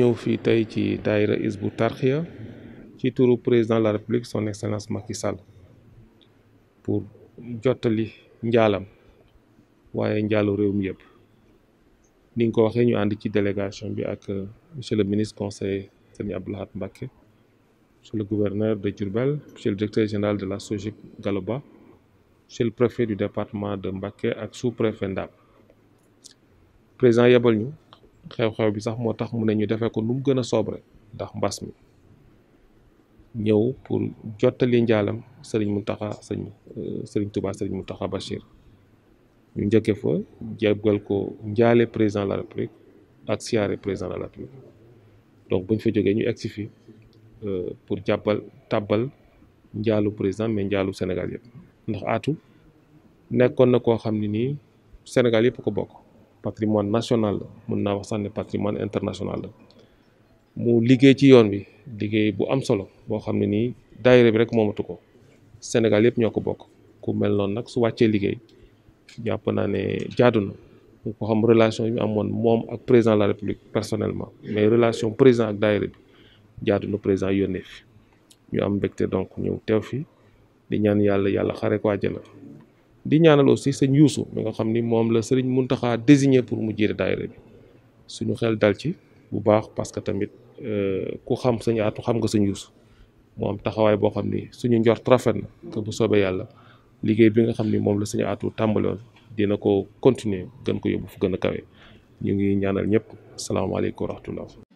ñëw fii tey ci daayira Hizbut Tarqiyyah ci turu président la république son excellence Macky Sall pour jottali njaalam waaye njaalu réew mi yëpp ni nga ko waxee ñu ànd ci délégation bi ak monsieur le ministre conseiller Serigne Abdou Lahad Mbacké monsieur le gouverneur de Diourbel monsieur le directeur général de la SOGIP Gallo Ba monsieur le préfet du département de Mbacké ak sous-préfet Ndam président yebal ñu xew-xew bi sax moo tax mu ne ñu defee ko nu mu gën a sobre ndax mbas mi ñëw pour jottali njaalam sëriñ Mountakha sëñ euh, sëriñ Touba sëriñ Mountakha Bachir ñu njëkke fa jéggal ko njaale président de la république ak siyaare président de la république donc buñ fa jógee ñu egsi fi euh, pour jàppal tàbbal njaalu président mais njaalu Sénégal yëpp ndax aatu nekkoon na koo xam ne nii Sénégal yëpp ko bokk. patrimoine national la mun naa wax sax ne patrimoine international la mu liggéey ci yoon bi liggéey bu am solo boo xam ne nii daayira bi rek moomatu ko Sénégal yëpp ñoo ko bokk ku mel noonu nag su wàccee liggéey jàpp naa ne jaadu na ko xam relation yi mu amoon moom ak président de la république personnellement mais relation président ak daayira bi jaadu président yónnee fi ñu am mbégte donc ñëw teew fi di ñaan yàlla yàlla xare ko àjjana di ñaanal aussi sa Youssou mi nga xam ni moom la sëriñ Mountakha désigné pour mu jiite daayira bi suñu xel dal ci bu baax parce que tamit euh, ku xam sëñ Atou xam nga sëñ Youssou moom taxawaay boo xam ni suñu njor rafet na que bu soobee yàlla liggéey bi nga xam ni moom la sëñ atu tàmbaliwoon dina ko continuer gën ko yóbbu fu gën a kawee ñu ngi ñaanal ñëpp salaamaaleykum wa rahmatullah